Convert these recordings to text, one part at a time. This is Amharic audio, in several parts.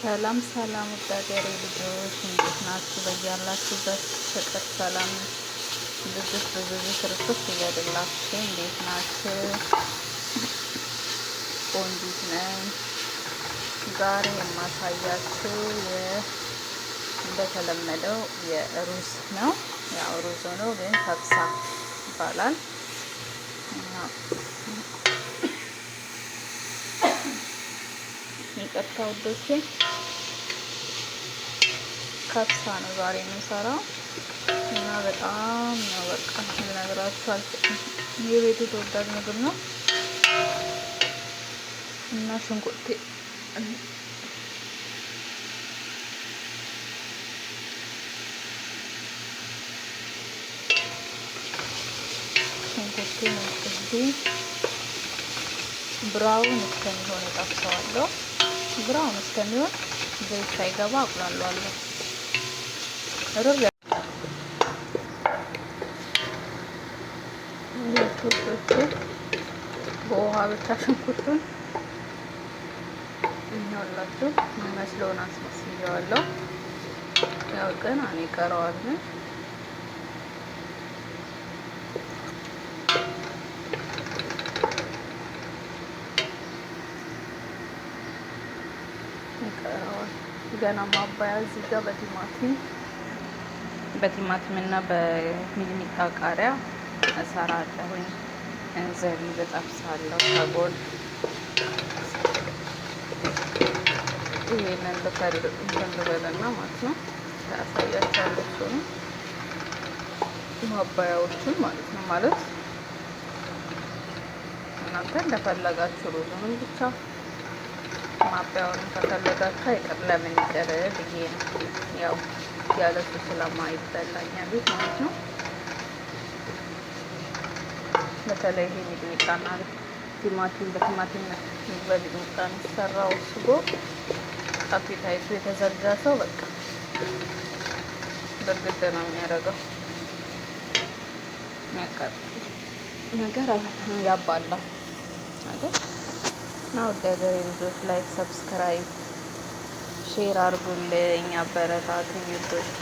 ሰላም ሰላም ወዳገሬ ልጆች እንዴት ናችሁ? በያላችሁበት ፍቅር ሰላም ብዙት ብዙት ርክስ ይበልላችሁ። እንዴት ናችሁ? ቆንጂት ነኝ። ዛሬ የማሳያችሁ እንደተለመደው የሩዝ ነው። ያው ሩዝ ሆኖ ግን ፈብሳ ይባላል። ይቅርታ ውዶቼ፣ ከብሳ ነው ዛሬ የምንሰራው እና በጣም ነው በቃ ልነግራችሁ የቤቱ ተወዳጅ ምግብ ነው እና ሽንኩርቴ ሽንኩርቴ ነው ብራውን እስከሚሆን ጠብሰዋለሁ። ብራውን እስከሚሆን ዘይት ሳይገባ አቁላለዋለሁ። ሩር በውሃ ብቻ ሽንኩርቱን እናውላችሁ መስለውን አስመስያዋለሁ። ያው ግን እኔ ቀረዋል ገና ማባያ እዚህ ጋር በቲማቲም በቲማቲም እና በሚጥሚጣ ቃሪያ እሰራለሁኝ። ዘቢብ እጠብሳለሁ ከጎን ይሄንን ልበልና ማለት ነው ያሳያቸዋለች ሆኑ ማባያዎቹን ማለት ነው ማለት እናንተ እንደፈለጋችሁ ሩዝንም ብቻ ማባያውን ከፈለጋችሁ አይቀር ለምን ይቅር ብዬ ነው። ያው ያለሱ ስለማይበላኛ ቤት ማለት ነው። በተለይ ይሄ ሚጥሚጣና ቲማቲም በቲማቲም በሚጥሚጣ የሚሰራው ስጎ አፒታይቱ የተዘጋ ሰው በቃ በእርግጥ ነው የሚያደርገው ነገር ያባላ እና ወደ ሀገሬ ልጆች ላይክ፣ ሰብስክራይብ፣ ሼር አድርጉልኝ፣ አበረታቱ ልጆቼ።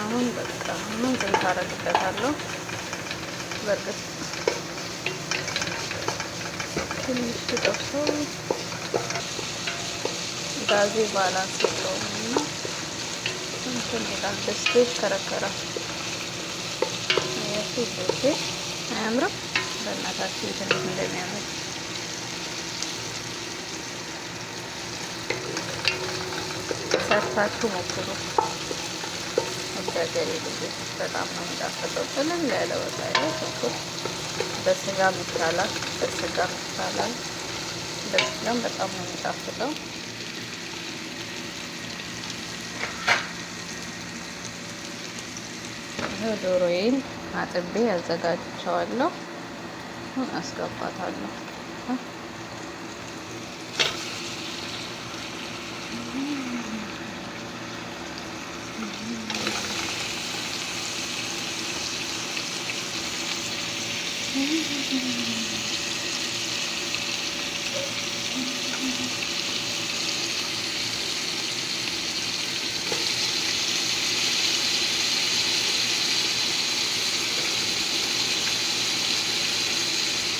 አሁን በቃ አሁን ዘይት አደርግበታለሁ። በርግጥ ትንሽ ጠብሶ ጋዜ ባላንስ የለውም እና እንትን ይላል። ደስቴ ይሽከረከራል። ያሱ ልጆቼ አያምርም? በእናታችሁ ትንሽ እንደሚያምር ሰርታችሁ ሞክሩ። ወዳገሬ ልጆች በጣም ነው የሚጣፈጠው። ጥልም ያለ ወጣ ያለ ሽንኩርት በስጋም ይቻላል፣ በስጋም ይቻላል። በስጋም በጣም ነው የሚጣፍጠው። ይኸው ዶሮዬን አጥቤ ያዘጋጅቸዋለሁ። አስገባታለሁ።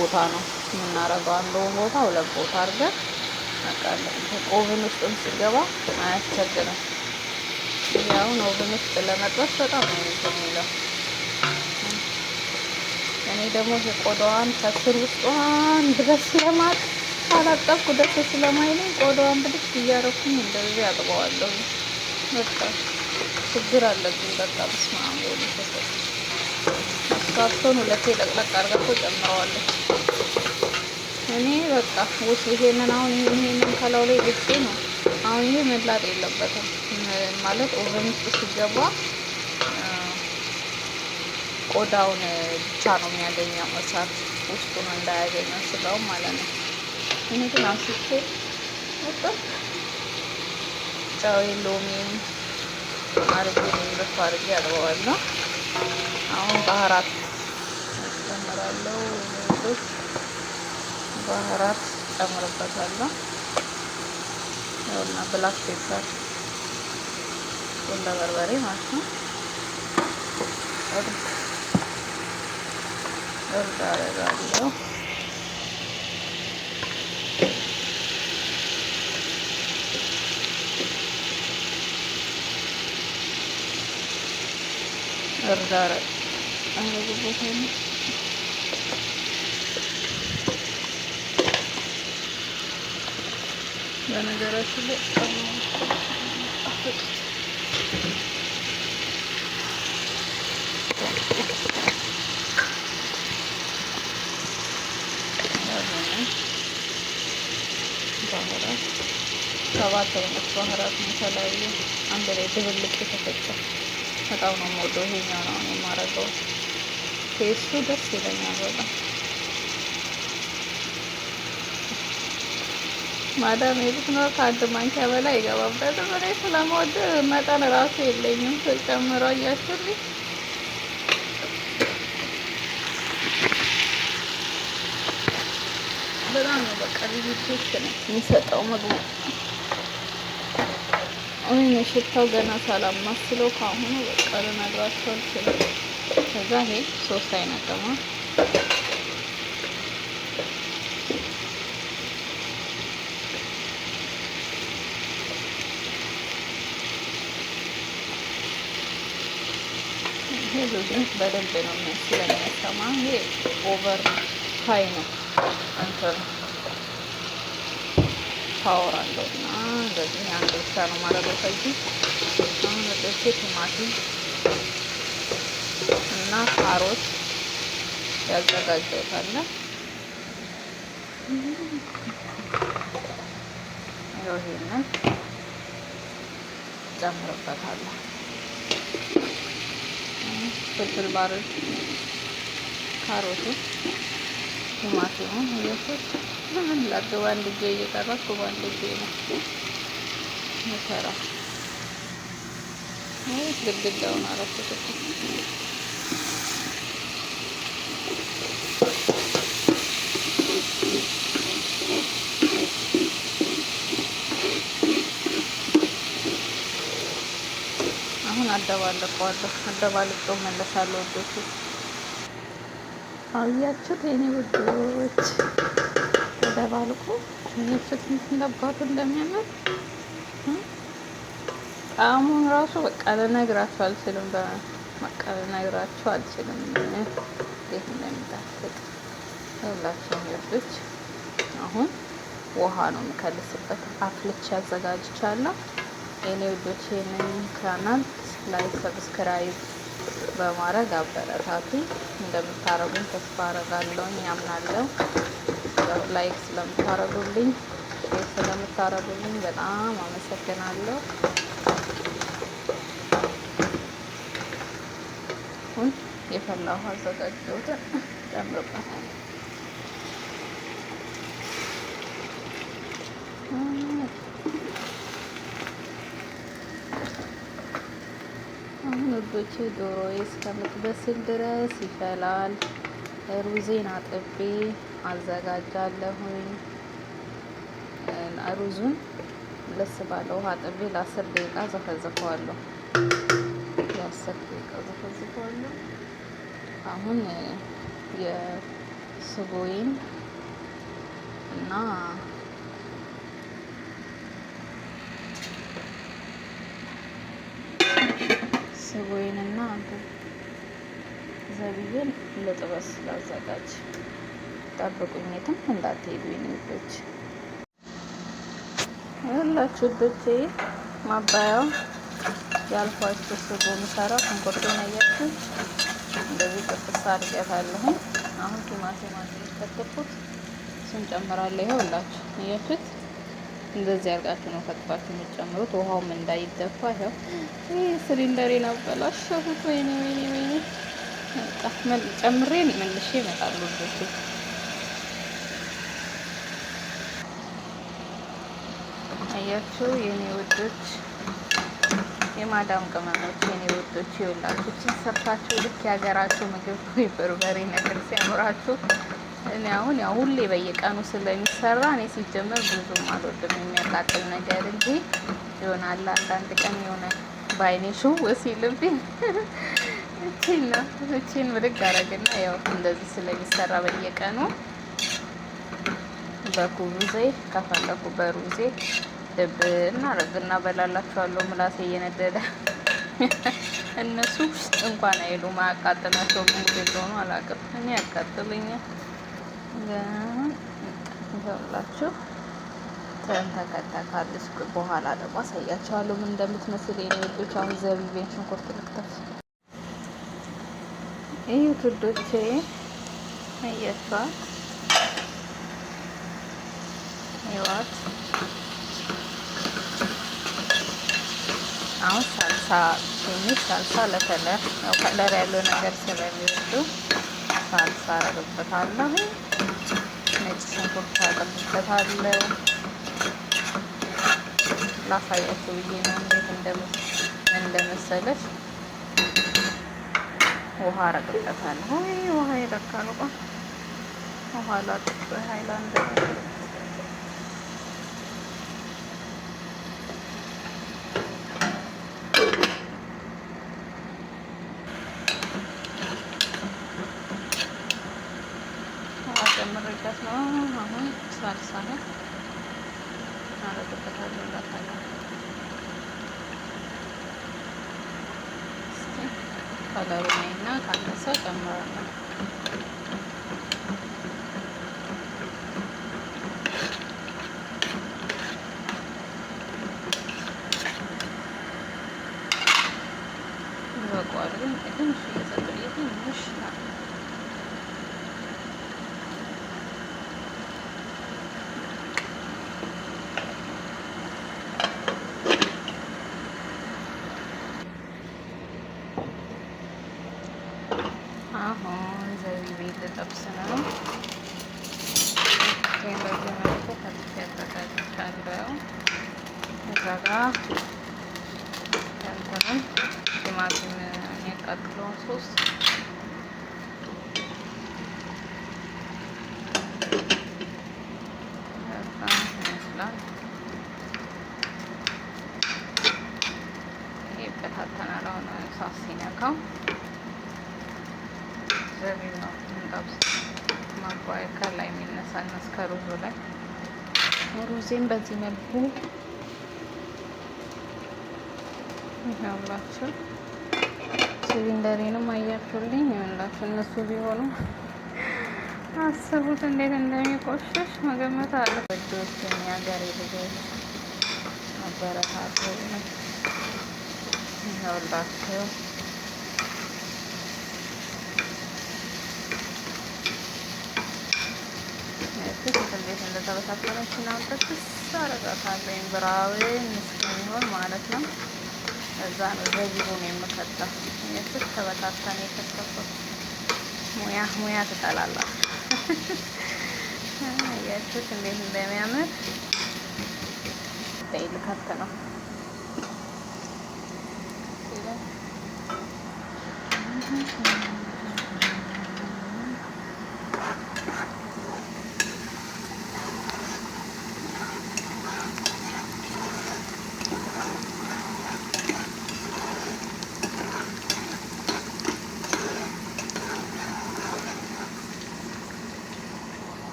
ቦታ ነው የምናረገው። አንዱን ቦታ ሁለት ቦታ አድርገን እናቃለን። ኦቨን ውስጥም ሲገባ አያስቸግርም። ያሁን ኦቨን ውስጥ ለመጥበስ በጣም ነው የሚለው። እኔ ደግሞ የቆዳዋን ከስር ውስጧን ድረስ ስለማት አላጠብኩ ደስ ስለማይለኝ ቆዳዋን ብድግ እያረኩኝ እንደዚህ አጥበዋለሁ። በቃ ችግር አለብኝ። በቃ ስማ ሆ ተሰጥ ካርቶን ሁለቴ ለቅለቅ አድርጋቸው ጨምረዋለሁ። እኔ በቃ ውስጥ ይሄንን አሁን ይሄንን ከላው ላይ ግጬ ነው። አሁን ይሄ መላጥ የለበትም ማለት ኦቨን ውስጥ ሲገባ ቆዳውን ብቻ ነው የሚያገኘው እሳት ውስጡን እንዳያገኘው ስለው ማለት ነው። እኔ ግን አስቼ ወጣ ጨው ሎሚ አርጌ ነው አርጌ አጥበዋለሁ። አሁን ባህራት ጨምራለሁ። ቶች ባህራት ጨምርበታለሁ። ይኸውና ብላክ ፔፐር ቁንደ በርበሬ ማለት ነው። እርድ እርድ አደርጋለሁ ነበር ዛሬ አረጉበት በነገራችን ላይ ሰባት አይነት ባህራት የተለያዩ አንድ ላይ ድብልቅ የተፈጨ በጣም ነው የምወደው። ይሄኛው ነው ነው የማረገው። ቴስቱ ደስ ይለኛል በጣም ማዳም የብትኖር ከአንድ ማንኪያ በላይ ይገባበት። እኔ ስለምወድ መጠን እራሱ የለኝም ተጨምረው እያችሁልኝ በጣም ነው በቃ ልዩ ቴስት ነው የሚሰጠው ምግቡ። ወይኔ ሽታው ገና ሰላም መስሎ ከአሁኑ በቃ ልነግራቸው አልችልም። ከዛ ይሄ ሶስት አይነት ደግሞ ይሄ ብዙት በደንብ ነው ስለሚያሰማ ይሄ ኦቨር ሀይ ነው እንትን ፓወር አለው እንደዚህ አንድ ብቻ ነው ማረገው። ከዚህ አሁን ወደዚህ ቲማቲም እና ካሮት ያዘጋጀውታል። ይሄንን ጨምርበታለሁ። ፍልፍል ባሮች ካሮቱ ቲማቲሙን እየሱስ ምን ላርገ በአንድ እጄ እየቀረኩ በአንድ እጄ ነው የምሰራው። ይህ ግድግዳውን አረኩት። አሁን አደባልቀዋለሁ። አደባልቀው መለሳለሁ ወዶቹ አያችሁት የኔ ውዶች ወደ ባልቁ አያችሁት እንዳባቱ እንደሚያምር ጣዕሙን ራሱ በቃ ልነግራችሁ አልችልም። በቃ ልነግራችሁ አልችልም እንዴት እንደሚጣፍጥ ሁላችሁም ልጆች። አሁን ውሃ ነው የምከልስበት አፍልቼ አዘጋጅቻለሁ። የኔ ውዶች ይህንን ቻናል ሰብስክራይብ በማድረግ አበረታቱ እንደምታረጉኝ ተስፋ አረጋለሁ፣ ያምናለሁ። ላይክ ስለምታረጉልኝ ስለምታረጉልኝ በጣም አመሰግናለሁ። አሁን የፈላ ውሃ አዘጋጀሁትን ውዶች ዶሮዬ እስከምትበስል ድረስ ይፈላል። ሩዜን አጥቤ አዘጋጃለሁኝ። ሩዙን ለስ ባለ ውሃ አጥቤ ለአስር ደቂቃ ዘፈዝፈዋለሁ። ለአስር ደቂቃ ዘፈዝፈዋለሁ። አሁን የስጎይን እና ስብ ስጎይንና እንትን ዘብዬን ለጥበስ ላዘጋጅ። ጠብቁኝ፣ የትም እንዳትሄዱ የእኔ ያላችሁ ብቴ ማባያው ያልኳችሁ ስጎ የምሰራው ሽንኩርቱን አያችሁ እንደዚህ ጥብስ አድርጌያታለሁ። አሁን ቲማቲም አድርጌ ከተኩት ስንጨምራለሁ። ይኸውላችሁ እያችሁት እንደዚህ አርጋችሁ ነው ከትፋችሁ የምትጨምሩት። ውሃውም እንዳይደፋ ያው ይህ ሲሊንደሬን አበላሸሁት። ወይኔ ወይኔ ወይኔ ጨምሬን መልሼ ይመጣሉ ዞች አያችሁ የኔ ውዶች፣ የማዳም ቅመሞች የኔ ውዶች፣ ይኸውላችሁ ሰርታችሁ ልክ የሀገራችሁ ምግብ ወይ በርበሬ ነገር ሲያምራችሁ እኔ አሁን ያው ሁሌ በየቀኑ ስለሚሰራ እኔ ሲጀመር ብዙም አልወድም የሚያቃጥል ነገር እንጂ ይሆናል አንዳንድ ቀን የሆነ በአይኔ ሽው ሲልብኝ እቺን ነው እቺን ብድግ አረግና ያው እንደዚህ ስለሚሰራ በየቀኑ በኩሩዜ ከፈለኩ በሩዜ ድብ እናረግና በላላችኋለሁ። ምላሴ እየነደደ እነሱ ውስጥ እንኳን አይሉም አያቃጥላቸውም። እንደሆኑ አላውቅም እኔ ያቃጥለኛል። ይኸውላችሁ ተንተከተካለች በኋላ ደግሞ አሳያችኋለሁ ምን እንደምትመስል የኔ ውዶች። አሁን ዘቢቤን ሽንኩርት ልክተፍ። ይህ ውዶቼ እየሷት ይዋት። አሁን ሳልሳ ትንሽ ሳልሳ ለከለር ያው ከለር ያለው ነገር ስለሚወዱ ሳልሳ አደርግበታለሁ። ነጭ ሽንኩርት አደርግበታለሁ። ላሳያችሁ ብዬ ነው እንዴት እንደመሰለች። ውሃ አደርግበታለሁ። ውሃ ይረካል። ውሃ ላጥ ሃይላንድ ስላልሳለን አደርግበታለሁ እንዳታየው ከለሩ ላይ እና ካነሰ ጨምራለሁ። ይበቃዋል ግን ትንሽ እየሰጠ ትንሽ ይመስላል። ይሄ ይበታተናል። አሁን እሳት ሲነካው ዘቢብ ነው እንጠብስ ማጓያ ከላይ የሚነሳነስ ከሩዙ ላይ በዚህ መልኩ ይኸውላችሁ ሲሊንደሬንም አያችሁልኝ ይኸውላችሁ እነሱ አስቡት እንዴት እንደሚቆሽሽ መገመት አለ። ወዶች የሚያገር ልጆች መበረታተው ይኸውላቸው ትክት እንዴት እንደተበሳሰለች ናምጠት ሳረጋታለኝ ብራዊ ምስሚሆን ማለት ነው። እዛ ነው በዚቡን የምከተው የስት ተበታተን የከተፈ ሙያ ሙያ ትጠላላችሁ ያችሁት እንዴት እንደሚያምር ጤል ከብት ነው።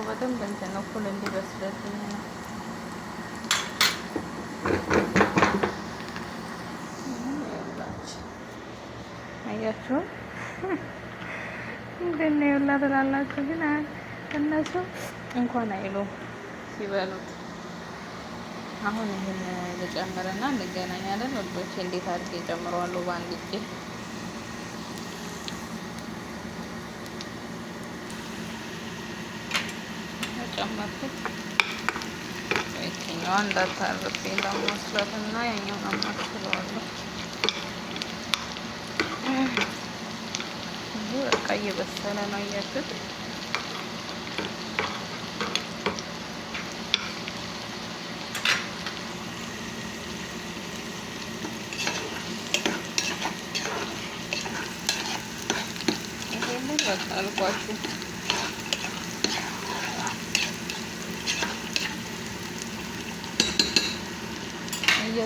አድርገዋለሁ። በደንብ እንትን እኩል እንዲበስልልኝ ነው። አያችሁ እንደነ ይውላ ትላላችሁ፣ ግን እነሱ እንኳን አይሉ ሲበሉት። አሁን ይህን ልጨምርና እንገናኛለን። ወልዶቼ እንዴት አድርጌ ጨምረዋለሁ በአንድ እጄ አማክት የትኛዋ እንዳታርቤ ለማስላት እና ያኛውን አማክለዋለሁ። ይህ በቃ እየበሰለ ነው እያችሁት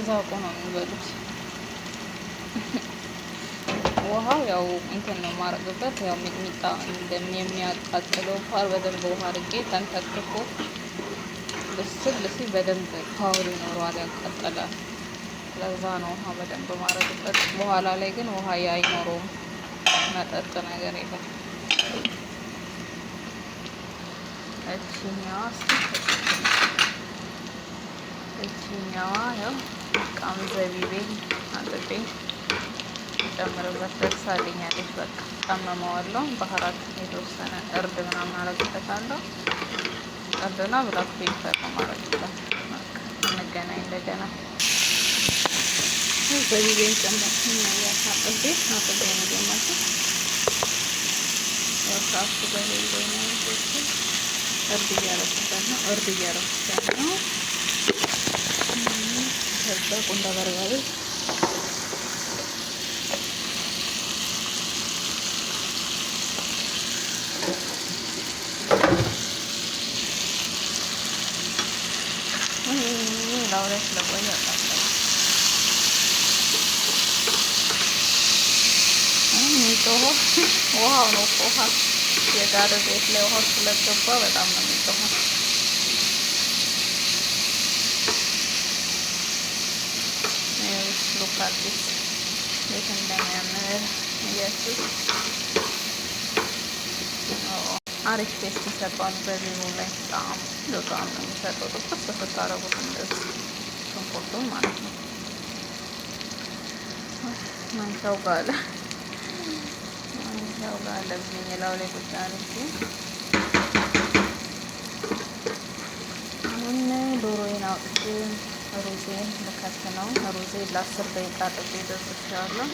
ተዛቆ ነው የሚበሉት። ውሃው ያው እንትን ነው የማረግበት ያው ሚጥሚጣ የሚያቃጥለው ፓር በደንብ ውሃ አርጌ ተንተክኮ ልስል ልስል በደንብ ፓወር ይኖረዋል፣ ያቃጠላል። ለዛ ነው ውሃ በደንብ ማረግበት። በኋላ ላይ ግን ውሃ አይኖረውም፣ መጠጥ ነገር የለም። እችኛዋ እችኛዋ ያው ቃም ዘቢቤን አጥቤ ጨምርበት ደርሳልኛለች። በቃ ቀመመዋለሁ። ባህራት የተወሰነ እርድ ምናምን አረግበታለሁ። እርድና ብላክ ፔፐር ማረግበት። እንገናኝ እንደገና ዘቢቤን ጨመርኩኝ። ያሳ አጥቤ ነው ጀመርኩ እርድ እያረግበት ነው እርድ እያረግበት ነው சேர்த்து கொண்ட வருவல் ahora es la buena pasta. તો ઓહા નો ઓહા એ ગાડો એટલે ઓહા કુલર ચોપા બતાવવાનું તો હા አዲስ ቤት እንደሚያምር እያችሁ አሪፍ ቴስት ይሰጣል። በዚሁ ላይ ጣም ጣም ነው የሚሰጠው። ጥቁስ ስታረጉት እንደዚህ ሽንኩርቱን ማለት ነው። ማንኪያው ጋለ ማንኪያው ጋለ ብኝ ላው ላይ ቁጭ አድርጌ አሁን ዶሮዬን አውጥቼ ሩዜን ልከት ነው። ሩዜ ለአስር ደቂቃ ጥቁ ደርሶሻለሁ።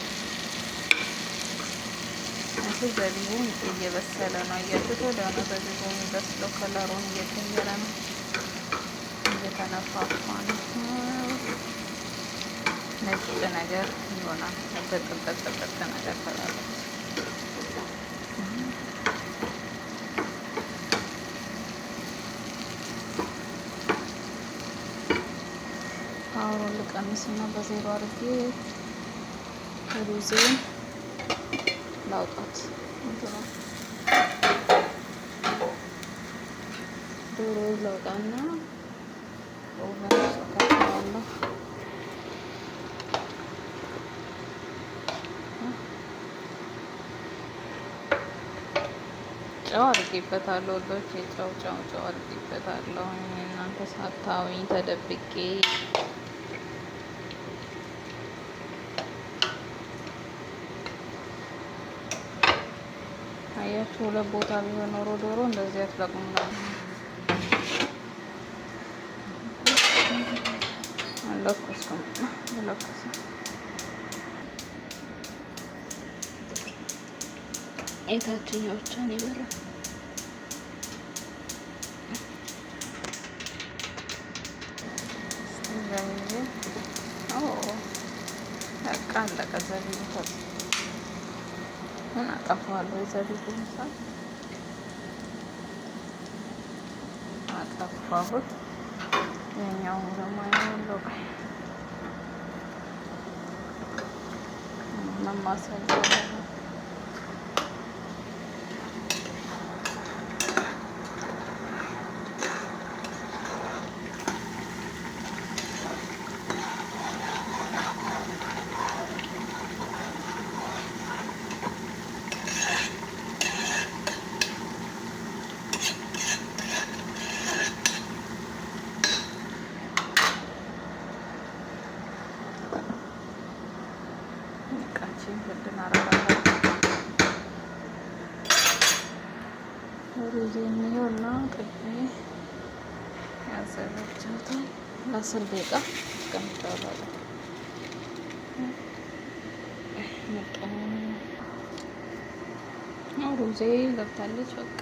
እዚህ ዘቢቡም እየበሰለ ነው። እያችሁት ወደሆነ በዚቡ የሚበስለው ከለሩን እየቀየረ ነው፣ እየተነፋፋ ነው። ነጭ ነገር ይሆናል። በጥብጥብጥብጥ ነገር ተላለ በስና በዜሮ አድርጌ ሩዜን ላውጣት። ዶሮ ላውጣና ጨው አድርጌበታለሁ። ወዶች ጨው ጨው ጨው አድርጌበታለሁ። እናንተ ሳታውኝ ተደብቄ ያያችሁ ሁለት ቦታ ቢሆን ኖሮ ዶሮ እንደዚህ አትለቅሙ ነበር። አለኩስኩም አለኩስ የታችኛው ብቻ ነው የበራው። አዎ በቃ አለቀ። አሁን አጠፋዋለሁ። የዘቢት ምሳ አጠፋሁት። የኛው ደግሞ ያለው መማሰል አስር ደቂቃ አስቀምጠዋለሁ። ሩዜ ገብታለች። በቃ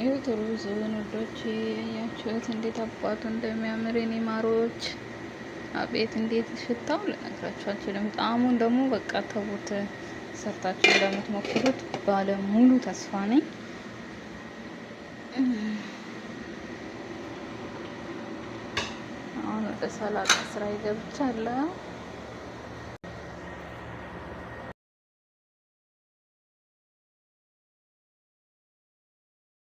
ይሁት ሩዝ ውዶች ያያችሁት እንዴት አባቱ እንደሚያምር የኔ ማሮች፣ አቤት እንዴት ሽታው ልነግራችሁ አልችልም። ጣዕሙን ደግሞ በቃ ተውት፣ ሰርታችሁ እንደምትሞክሩት ባለሙሉ ተስፋ ነኝ። በሰላጣ ስራ ይገብቻለሁ።